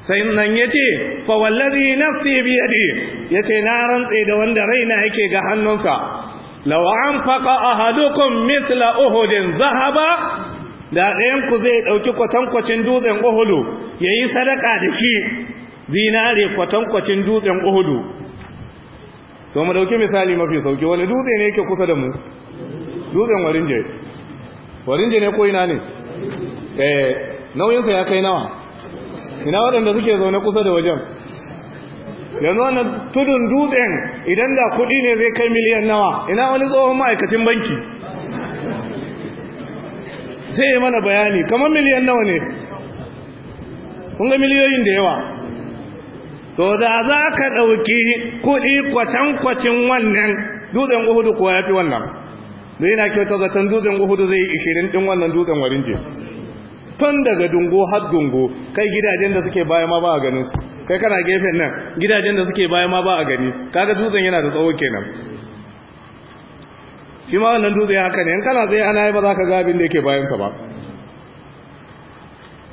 sai nan ya ce fa wallazi nafsi bi yadi ya ce na rantse da wanda raina yake ga hannunsa law anfaqa ahadukum mithla uhudin zahaba da ɗayan ku zai ɗauki kwatankwacin dutsen uhudu ya yi sadaka da shi zinare kwatankwacin dutsen uhudu so mu ɗauki misali mafi sauki wani dutse ne yake kusa da mu dutsen warinje warinje ne ko ina ne eh nauyinsa ya kai nawa ina waɗanda suke zaune kusa da wajen yanzu wannan tudun dutsen idan da kuɗi ne zai kai miliyan nawa ina wani tsohon ma'aikacin banki sai yi mana bayani kamar miliyan nawa ne ga miliyoyin da yawa to da za ka ɗauki kuɗi kwacen-kwacin wannan dutsen uhudu kuwa ya fi wannan da yana kyauta zaton dutsen uhudu zai yi ishirin ɗin wannan dutsen warin je tun daga dungo har dungo kai gidajen da suke baya ma ba a ganin su kai kana gefen nan gidajen da suke baya ma ba a gani kaga dutsen yana da tsawo kenan shi ma wannan dutse haka ne in kana zai ana yi ba za ka ga abin da yake bayan ka ba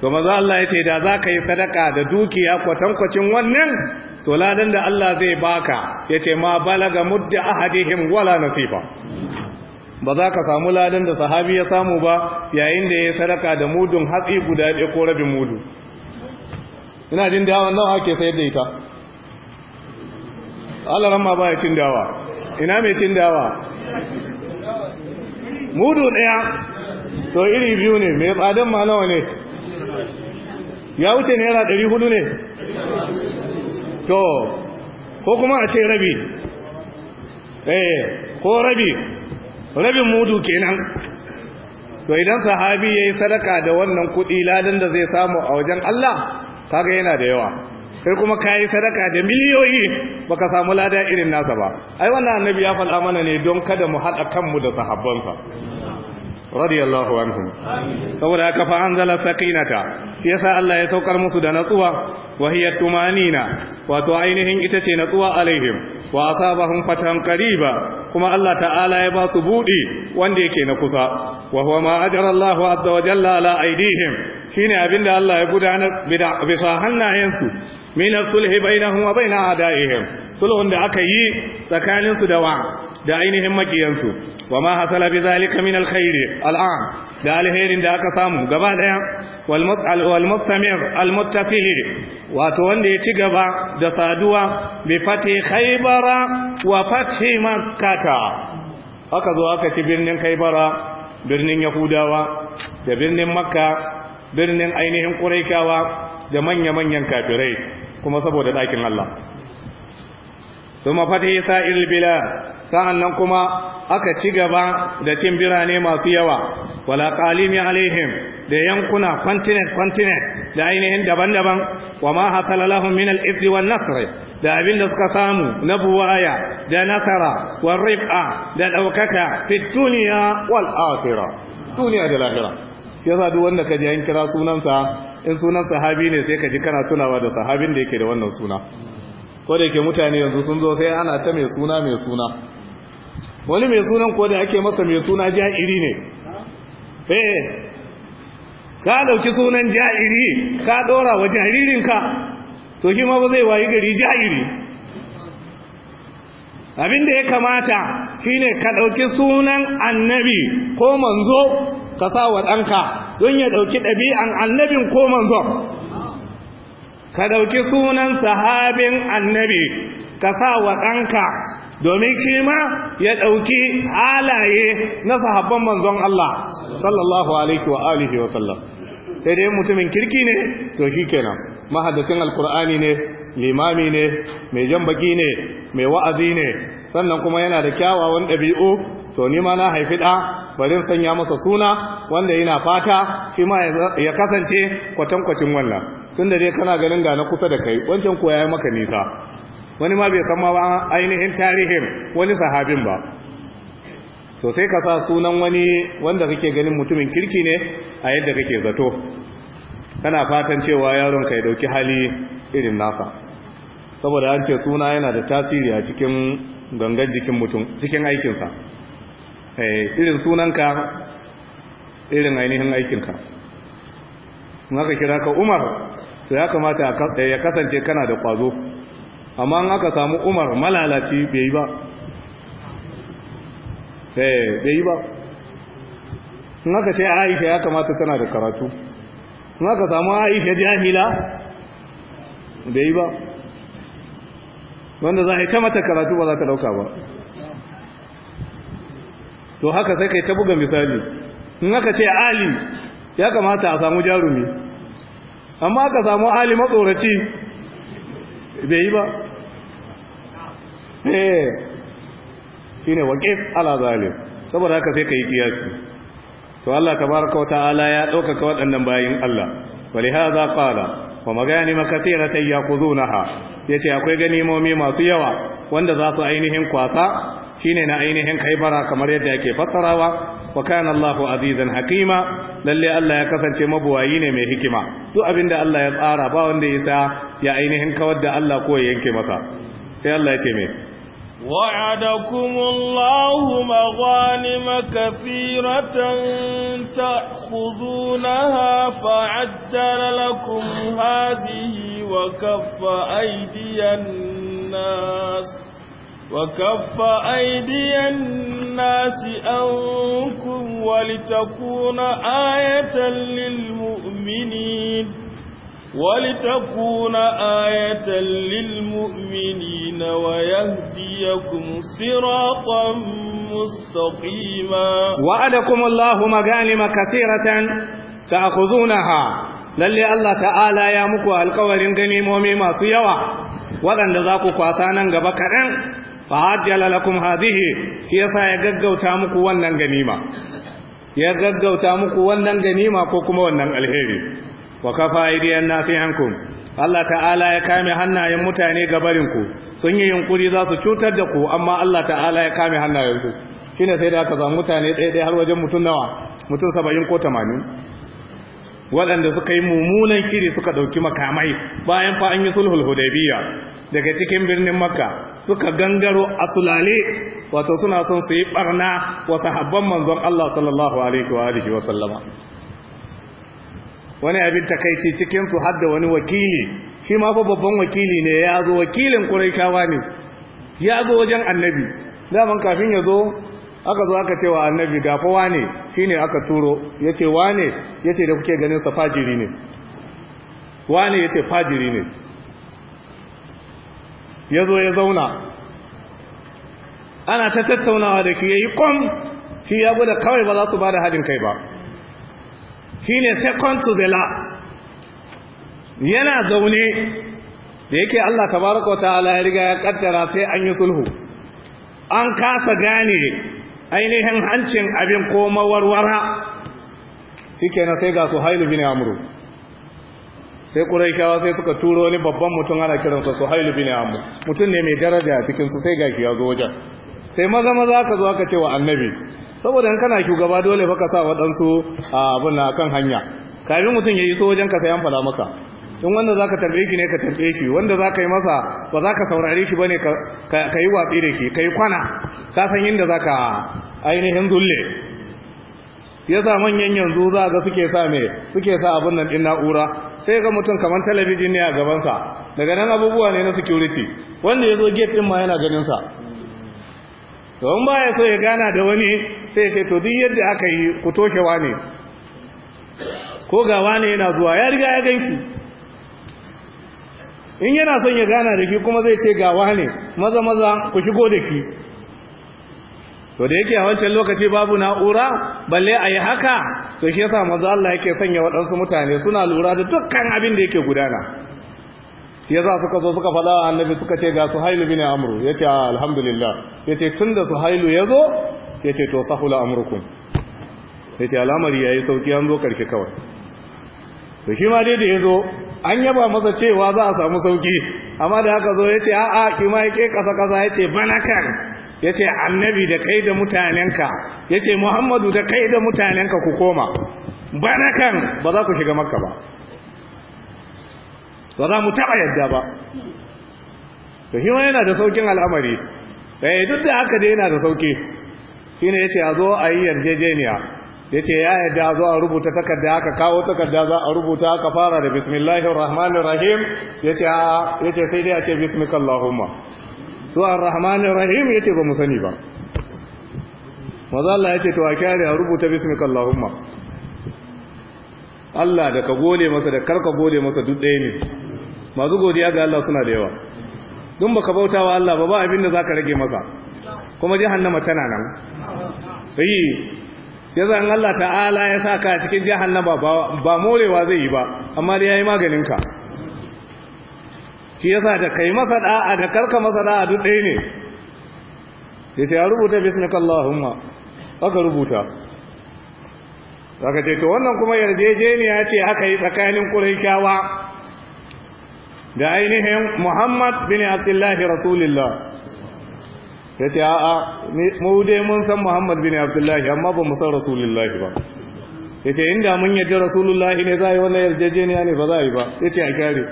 to maza Allah ya ce da za ka yi sadaka da dukiya kwatankwacin wannan to ladan da Allah zai baka ya ce ma balaga mudda ahadihim wala nasifa ba za ka samu ladan da sahabi ya samu ba yayin da ya sadaka da mudun hatsi guda ɗaya ko rabin mudu ina jin dawa nawa ake sayar da ita Allah ramma ba ya cin dawa ina mai cin dawa mudu ɗaya to iri biyu ne mai tsadan ma nawa ne ya wuce naira ɗari hudu ne to ko kuma a ce rabi eh ko rabi rabin mudu kenan to idan sahabi yayi sadaka da wannan kudi ladan da zai samu a wajen Allah kaga yana da yawa sai kuma kayi sadaka da miliyoyi baka samu lada irin nasa ba ai wannan annabi ya faɗa mana ne don kada mu haɗa kanmu da sahabbansa radiyallahu anhum saboda haka fa anzala sakinata shi yasa Allah ya saukar musu da natsuwa wa hiya tumanina wato ainihin ita ce natsuwa alaihim wa asabahum fatan qariba kuma Allah ta'ala ya ba su budi wanda yake na kusa wa huwa ma ajara Allahu azza wa jalla ala aidihim shine abinda Allah ya gudanar bisa hannayensu mina sulhi bainahum wa bain a'daihim sulhun da aka yi tsakaninsu da wa da ainihin makiyansu wa ma hasala bi zalika min alkhair al'am da alherin da aka samu gaba daya wal mutal wal mustamir al muttafihi wato wanda ya ci gaba da saduwa bi fati khaybara wa fati makkata aka zo aka ci birnin khaybara birnin yahudawa da birnin makka birnin ainihin ƙuraikawa da manya-manyan kafirai kuma saboda ɗakin Allah su mafata sa'ir bila sa'an nan kuma aka ci gaba da cin birane masu yawa wala ƙalimi alaihim da yankuna kwantinet-kwantinet da ainihin daban-daban wa ma hasala lahum min al da abin da suka samu na buwaya da nasara wa rif'a da ɗaukaka fi duniya wal duniya da lahira yasa duk wanda ka ji an kira sunansa in sunan sahabi ne sai ka ji kana tunawa da sahabin da yake da wannan suna ko da yake mutane yanzu sun zo sai ana ta mai suna mai suna wani mai sunan ko da ake masa mai suna ja'iri ne eh ka dauki sunan ja'iri ka dora wa jaririnka to shi ma ba zai wayi gari ja'iri abin da ya kamata shine ka ɗauki sunan annabi ko manzo ka sa wa ɗanka don ya ɗauki ɗabi'an annabin ko manzon ka ɗauki sunan sahabin annabi ka sa wa ɗanka domin shi ma ya ɗauki halaye na sahabban manzon Allah sallallahu alaihi wa alihi wa sallam sai dai mutumin kirki ne to shi kenan mahaddacin alkur'ani ne limami ne mai jan baki ne mai wa'azi ne sannan kuma yana da kyawawan ɗabi'u to ni ma na haifi da bari sanya masa suna wanda yana fata shi ma ya kasance kwatan kwatankwacin wannan tunda dai kana ganin ga na kusa da kai wancan ko yayi maka nisa wani ma bai san ma ba ainihin tarihin wani sahabin ba to sai ka sa sunan wani wanda kake ganin mutumin kirki ne a yadda kake zato kana fatan cewa yaron ka ya dauki hali irin nasa saboda an ce suna yana da tasiri a cikin gangan jikin mutum cikin aikinsa Eh, irin sunanka irin ainihin aikinka in aka kira ka umar to ya kamata ya kasance kana da kwazo amma in aka samu umar malalaci bai yi ba eh, bai yi ba in aka ce aisha ya kamata tana da karatu in aka samu aisha jahila bai yi ba wanda za a yi ta mata karatu ba za ta dauka ba to haka sai kai ta buga misali in aka ce ali ya kamata a samu jarumi amma aka samu ali matsoraci bai yi ba eh shine ne ala zalim saboda haka sai kai kiyasi to Allah ta baraka wa ta'ala ya ɗaukaka waɗannan bayin Allah walihada qala wa maganima kathiratan ya ce akwai ganimomi masu yawa wanda za su ainihin kwasa shine na ainihin kaibara kamar yadda yake fassarawa wa kana Allahu azizan hakima lalle Allah ya kasance mabuwayi ne mai hikima duk abinda Allah ya tsara ba wanda ya ya ainihin kawar da Allah ko yanke masa sai Allah ya ce mai وعدكم الله مغانم كثيرة تأخذونها فعجل لكم هذه وكف أيدي الناس وكف أيدي الناس أنكم ولتكون آية للمؤمنين ولتكون آية للمؤمنين ويهديكم صراطا مستقيما وعدكم الله مغانم كثيرة تأخذونها للي الله تعالى يا مكوى القوار القوارين مومي ما سيوا وغن ذاكو قاتانا غبا فعجل لكم هذه سيسا يغغوتا مكو ونن ganima ya gaggauta ونن wannan ganima ونن الهيري wa kafa aidiyan nasi Allah ta'ala ya kame hannayen mutane ga barinku, sun yi yunkuri za su cutar da ku amma Allah ta'ala ya kame hannayen ku shine sai da aka zama mutane ɗaya ɗaya har wajen mutum nawa mutum saba'in ko tamanin waɗanda suka yi mummunan kiri suka ɗauki makamai bayan fa an yi sulhul hudaybiya daga cikin birnin makka suka gangaro a sulale wato suna son su yi barna wa sahabban manzon Allah sallallahu alaihi wa alihi wa sallama wani abin takaici cikin su har da wani wakili shi ma fa babban wakili ne ya zo wakilin quraishawa ne ya zo wajen annabi daman kafin ya zo aka zo aka cewa wa annabi gafa wane shine aka turo yace wane yace da kuke ganin sa fajiri ne wane yace fajiri ne zo ya zauna ana ta tattaunawa da shi yayi kom shi ya gode kawai ba za su bada hadin kai ba shine second to the law yana zaune da yake Allah tabaraka wata ta'ala ya riga ya kaddara sai an yi sulhu an kasa gane ainihin hancin abin ko mawarwara shikenan sai ga su hailu bin amru sai quraishawa sai suka turo wani babban mutum ana kiransa su hailu bin amru mutum ne mai daraja a cikin su sai ga shi ya zo wajen sai maza maza ka zo aka ce wa annabi saboda in kana shugaba dole ba ka sa waɗansu abin na kan hanya kafin mutum ya yi so wajen ka sayan fada maka in wanda za ka tambaye shi ne ka tambaye shi wanda za ka yi masa ba za ka saurare shi ba ne ka yi watsi da shi ka yi kwana ka san inda za ka ainihin zulle ya sa manyan yanzu za ga suke sa me suke sa abin nan ɗin na'ura sai ga mutum kamar talabijin ne a gabansa daga nan abubuwa ne na security wanda ya zo gate ɗin ma yana ganinsa to in baya so ya gana da wani sai ce to duk yadda aka yi ku toshe wane ko ga wane yana zuwa ya riga ya ganki in yana son ya gana da shi kuma zai ce ga wane maza maza ku shigo da ki to da yake a wancan lokaci babu na'ura balle a yi haka to shi yasa maza Allah yake sanya waɗansu mutane suna lura da dukkan abin da yake gudana ya za suka zo suka faɗa annabi suka ce ga suhailu bin amru ya ce ah, alhamdulillah ya ce tun da suhailu ya zo ya ce to sahula amurkun ya ce alamari ya yi sauki an zo ƙarshe kawai to shi ma dai da ya zo an yaba masa cewa za a samu sauki amma da haka zo ya ce a'a ki ma yake ke ƙasa ƙasa ya ce banakan ya ce annabi da kai da mutanenka ya ce muhammadu da kai da mutanenka ku koma bana kan ba za ku shiga makka ba ba za mu taɓa yadda ba to shi yana da saukin al'amari eh duk da haka dai yana da sauki ya ce a zo a yi yarjejeniya ce ya yadda a zo a rubuta takarda aka kawo takarda za a rubuta aka fara da bismillahir rahmanir rahim ya ce sai dai a ce bismikallahumma su an rahmanir rahim ce ba mu sani ba mazala ya ce to a kyare a rubuta bismikallahumma Allah da ka gode masa da karka gode masa duk ɗaya ne masu godiya ga Allah suna da yawa don baka bauta wa Allah ba ba abin da zaka rage masa kuma jahannama tana nan yi yasa an Allah ta'ala ya sa ka cikin jahannama ba morewa zai yi ba amma dai yayi maganin ka shi yasa da kai masa da'a da karka masa da'a duk ɗaya ne yace ya rubuta bismika Allahumma aka rubuta zaka ce to wannan kuma yarjejeniya ce aka yi tsakanin Qurayshawa ga ainihin muhammad bin abdullahi rasulullah ya ce a'a mu dai mun san muhammad bin abdullahi amma ba mu san rasulullah ba ya ce inda mun yaji rasulullah ne za a yi wannan yarjejeniya ne ba za a yi ba ya ce a kyare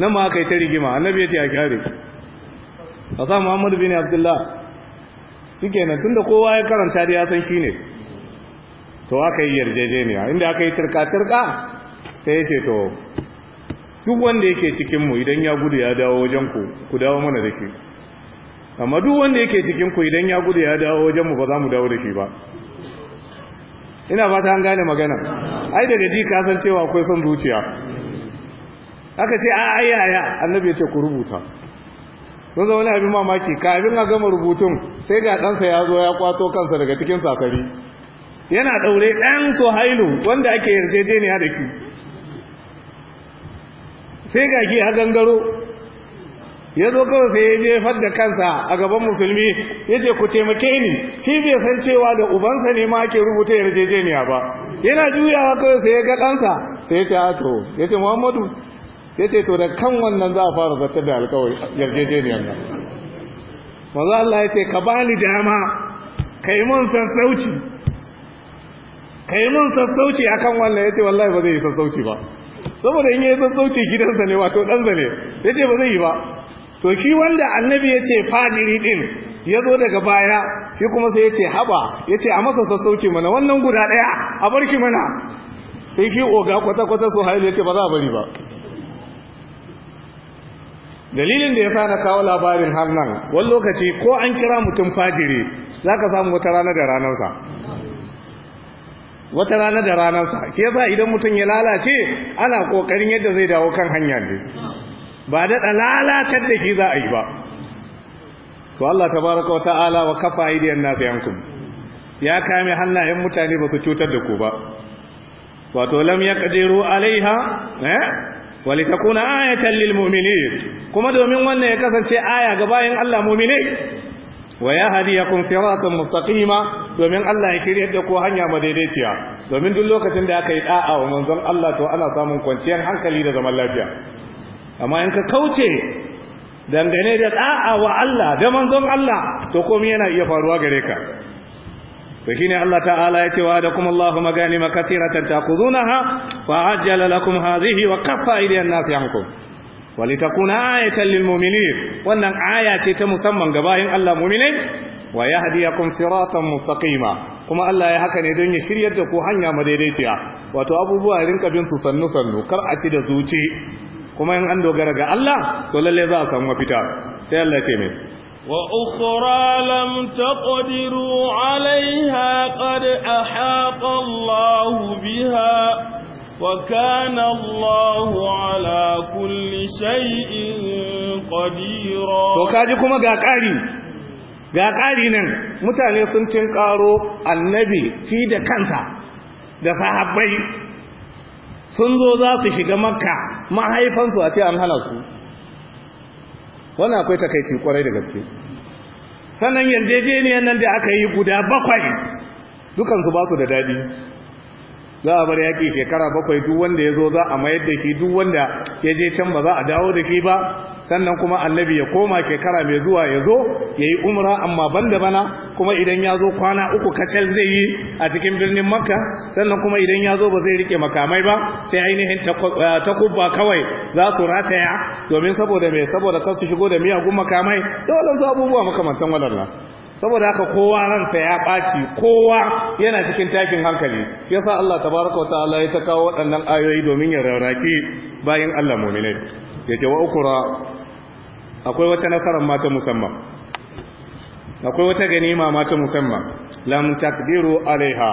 nan ma aka yi ta rigima annabi ya ce a kyare a sa muhammad bin abdullahi suke nan tun da kowa ya karanta da ya san shi ne to aka yi yarjejeniya inda aka yi turka-turka sai ya ce to duk wanda yake cikinmu idan ya gudu ya dawo wajenku ku dawo mana da shi amma duk wanda yake cikinku idan ya gudu ya dawo wajenmu ba za mu dawo da shi ba ina ba ta an gane magana ai daga ji ka san cewa akwai son zuciya aka ce a ai annabi ya ce ku rubuta don zama abin mamaki ka abin a gama rubutun sai ga ɗansa ya zo ya kwato kansa daga cikin sakari yana ɗaure ɗan sohailu wanda ake yarjejeniya da ki sai ga shi gangaro ya zo kawai sai ya jefar da kansa a gaban musulmi ya ce ku taimake ni shi bai san cewa da ubansa ne ma ke rubuta yarjejeniya ba yana juyawa kawai sai ya ga ɗansa sai ya ce ah, to ya ce muhammadu ya ce to da kan wannan za a fara zartar da alkawai yarjejeniyar nan maza Allah ya ce ka bani dama ka yi mun sassauci ka yi mun sassauci akan wannan ya ce wallahi ba zai yi sassauci ba saboda in yayi sassauci gidansa ne wato ɗan ne ya ce ba zai yi ba to shi wanda annabi ya ce fajiri ɗin ya zo daga baya shi kuma sai ya ce haba ya ce a masa sassauci mana wannan guda ɗaya a bar mana sai shi oga kwata-kwata su hailu ya ce ba za a bari ba dalilin da ya fara kawo labarin har nan wani lokaci ko an kira mutum fajiri za ka samu wata rana da ranarsa wata rana da ranarsa shi yasa idan mutum ya lalace ana kokarin yadda zai dawo kan hanya ne ba da lalatar da shi za a yi ba to Allah tabaraka wa ta'ala wa kafa aidiyan nasi ya kame hannayen mutane ba su cutar da ku ba wato lam yaqdiru alaiha eh takuna ayatan lilmu'minin kuma domin wannan ya kasance aya ga bayan Allah mu'mini wa ya hadi hadiyakum siratan mustaqima domin Allah ya shirye da ku hanya daidai madaidaiciya domin duk lokacin da aka yi da'a wa manzon Allah to ana samun kwanciyar hankali da zaman lafiya amma in ka kauce dangane da da'a wa Allah da manzon Allah to komi yana iya faruwa gare ka to ne Allah ta'ala ya cewa da kuma Allahu maganima katiratan taqudunaha fa ajjala lakum hadhihi wa kaffa ilayhi an-nas yankum walitakuna ayatan lil mu'minin wannan aya ce ta musamman ga bayin Allah mu'minai wa yahdiyakum siratan mustaqima kuma Allah ya haka ne don ya shiryar da ku hanya madaidaiciya wato abubuwa rinka bin su sannu sannu kar a ci da zuci kuma in an dogara ga Allah to lalle za a samu mafita sai Allah ce mai وأخرى لم تقدروا عليها قد أحاط الله biha. وكان الله على كل شيء To وكاجي kuma ga ƙari ga ƙari nan mutane sun tin ƙaro annabi fi da kansa da sahabbai sun zo za su shiga makka mahaifansu a ce an hana su wannan akwai takaici kwarai da gaske sannan yarjejeniyar nan da aka yi guda bakwai dukansu ba su da daɗi za a bar yaƙi shekara bakwai duk wanda ya zo za a mayar da shi duk wanda ya je can ba za a dawo da shi ba sannan kuma annabi ya koma shekara mai zuwa ya zo ya yi umra amma ban da bana kuma idan ya zo kwana uku kacal zai yi a cikin birnin makka sannan kuma idan ya zo ba zai rike makamai ba sai ainihin eh, takubba kawai za su rataya domin saboda mai saboda kar shigo da miyagun makamai da waɗansu abubuwa makamantan waɗannan saboda haka kowa ransa ya ɓaci kowa yana cikin takin hankali shi yasa Allah tabaraka wa ta'ala ya ta kawo waɗannan ayoyi domin ya rarraki bayan Allah mu'minai yace wa ukura akwai wata nasarar mata musamman akwai wata ganima mata musamman lam takdiru alaiha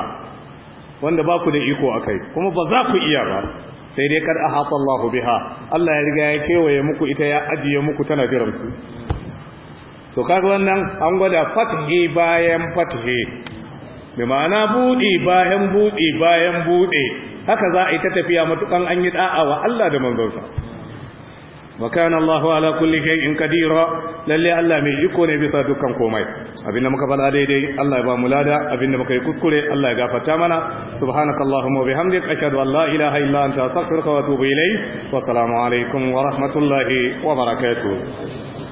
wanda ba ku da iko akai kuma ba za ku iya ba sai dai kar ahata bi biha Allah ya riga ya kewaye muku ita ya ajiye muku tana jiran ku to kaga wannan an gwada fathi bayan fathi bi ma'ana buɗe bayan buɗe bayan buɗe haka za a yi ta tafiya matukan an yi da'a wa Allah da manzonsa kana Allahu ala kulli shay'in قدير lalle Allah mai iko ne bisa dukkan komai abinda muka fada daidai Allah ya ba mu lada abinda muka yi kuskure Allah ya gafarta mana subhanakallahumma bihamdika ashhadu an la ilaha illa anta astaghfiruka wa atubu ilayk wa assalamu alaikum wa rahmatullahi wa barakatuh